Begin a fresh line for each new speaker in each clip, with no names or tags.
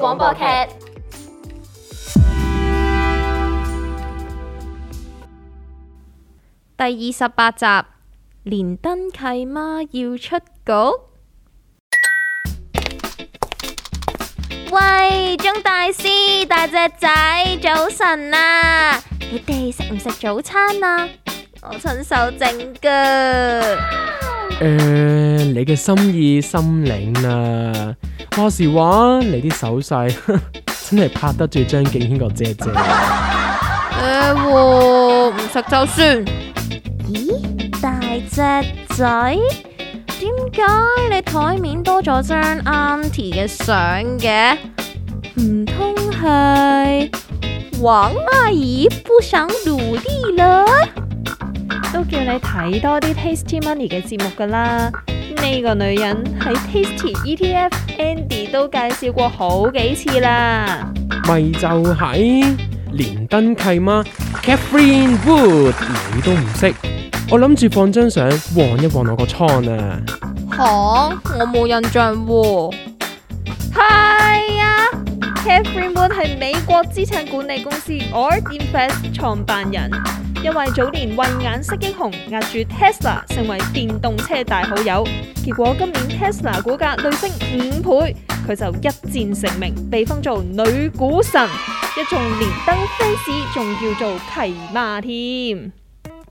廣播劇 第二十八集，連登契媽要出局。 喂，鍾大師大隻仔，早晨啊！你哋食唔食早餐啊？我親手整㗎。誒 、
呃，你嘅心意心領啦、啊。話時話，你啲手勢真係拍得住張敬軒個姐姐。
誒、欸，我唔食就算。咦，大隻仔？點解你台面多咗張 Auntie 嘅相嘅？唔通係黃阿姨不想
努力啦？都叫你睇多啲 Tasty Money 嘅節目噶啦。呢、這個女人係 Tasty ETF。Andy 都介紹過好幾次啦，
咪就係連登契媽？Katherine Wood 你都唔識，我諗住放張相望一望我個倉啊！
吓，我冇印象喎。係
啊，Katherine Wood 係美國資產管理公司 ARK Invest 創辦人。因為早年慧眼識英雄，壓住 Tesla 成為電動車大好友，結果今年 Tesla 股價累升五倍，佢就一戰成名，被封做女股神。一眾連登飛士仲叫做契媽添。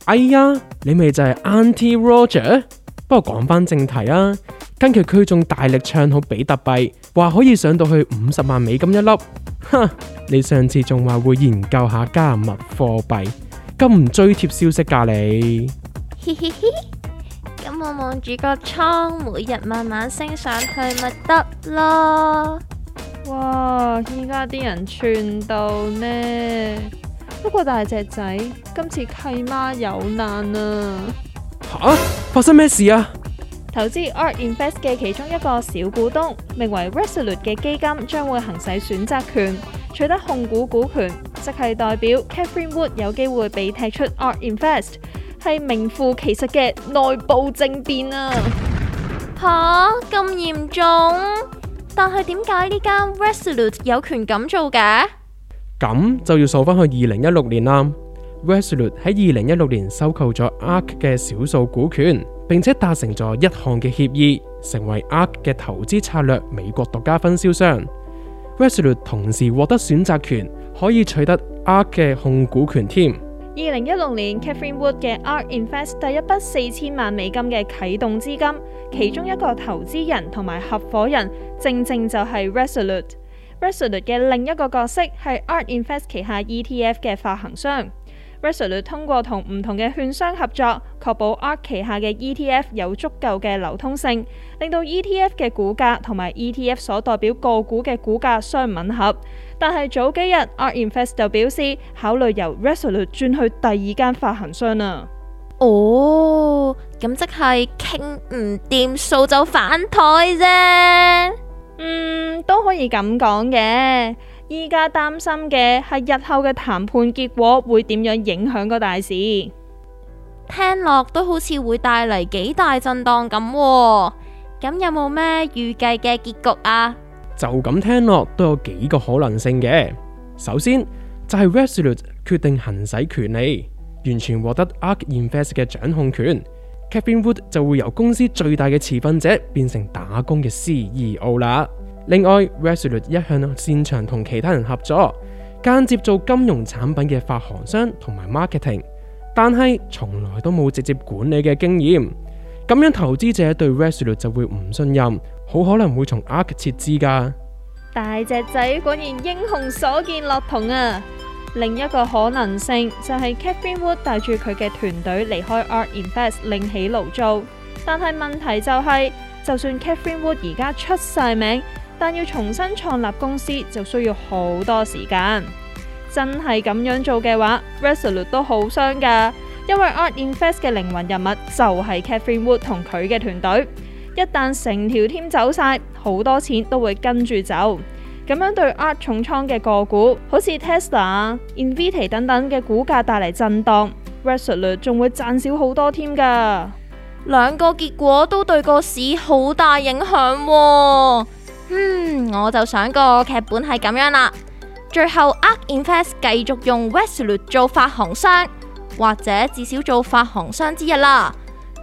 哎呀，你咪就係 Auntie Roger。不過講翻正題啊，近期佢仲大力唱好比特幣，話可以上到去五十萬美金一粒。哼，你上次仲話會研究下加密貨幣。咁唔追貼消息噶、啊、你？
嘻嘻嘻，咁我望住個倉，每日慢慢升上去咪得咯。
哇！依家啲人串到咩？不過大隻仔，今次契媽有難啊！
吓，發生咩事啊？
投資 Art Invest 嘅其中一個小股東，名為 Resolute 嘅基金，將會行使選擇權，取得控股股權。即係代表 Catherine Wood 有機會被踢出 Ark Invest，係名副其實嘅內部政變啊！
吓，咁嚴重？但係點解呢間 Resolute 有權咁做嘅？
咁就要數翻去二零一六年啦。Resolute 喺二零一六年收購咗 Ark 嘅少數股權，並且達成咗一項嘅協議，成為 Ark 嘅投資策略美國獨家分銷商。Resolute 同時獲得選擇權。可以取得 Ark 嘅控股權添。
二零一六年，Catherine Wood 嘅 Ark Invest 第一筆四千萬美金嘅啟動資金，其中一個投資人同埋合伙人，正正就係 Resolute。Resolute 嘅另一個角色係 Ark Invest 旗下 ETF 嘅發行商。Resolute 通過同唔同嘅券商合作，確保 Ark 旗下嘅 ETF 有足夠嘅流通性，令到 ETF 嘅股價同埋 ETF 所代表個股嘅股價相吻合。但係早幾日 Ark Invest 就表示考慮由 Resolute 轉去第二間發行商啊。
哦，咁即係傾
唔掂數就反台啫。嗯，都可以咁講嘅。依家擔心嘅係日後嘅談判結果會點樣
影響個大市？聽落都好似會帶嚟幾大震盪咁、啊，咁有冇咩預計嘅結局啊？
就咁聽落都有幾個可能性嘅。首先就係、是、Resolute 決定行使權利，完全獲得 Ark Invest 嘅掌控權，Cathie Wood 就會由公司最大嘅持份者變成打工嘅 CEO 啦。另外，Resolute 一向擅長同其他人合作，間接做金融產品嘅發行商同埋 marketing，但係從來都冇直接管理嘅經驗。咁樣投資者對 Resolute 就會唔信任，好可能會從 ARK 撤資噶。
大隻仔果然英雄所見略同啊！另一個可能性就係 Cathie Wood 帶住佢嘅團隊離開 ARK Invest 另起爐灶，但係問題就係、是，就算 Cathie Wood 而家出晒名。但要重新創立公司就需要好多時間。真係咁樣做嘅話，Resolute 都好傷噶，因為 Art Invest 嘅靈魂人物就係 Catherine Wood 同佢嘅團隊。一旦成條 team 走晒，好多錢都會跟住走。咁樣對 Art 重倉嘅個股，好似 Tesla、Invitae 等等嘅股價帶嚟震盪，Resolute 仲會賺少好多添噶。兩個結果
都對個市好大影響啊。嗯，我就想個劇本係咁樣啦。最後 Ark Invest 繼續用 Westlead 做發行商，或者至少做發行商之一啦。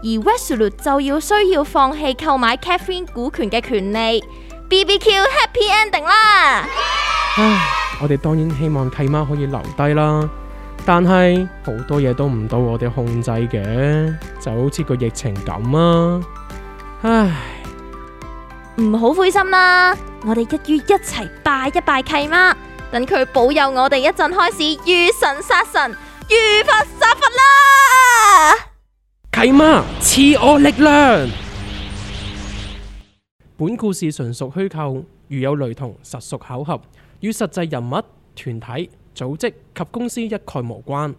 而 Westlead 就要需要放棄購買 Catherine 股權嘅權利。BBQ Happy Ending 啦。唉，
我哋當然希望契媽可以留低啦，但係好多嘢都唔到我哋控制嘅，就好似個疫情咁啊。唉。
唔好灰心啦，我哋一於一齊拜一拜契媽，等佢保佑我哋一陣開始遇神殺神，遇佛殺佛啦！
契媽，賜我力量。本故事純屬虛構，如有雷同，實屬巧合，與實際人物、團體、組織及公司一概無關。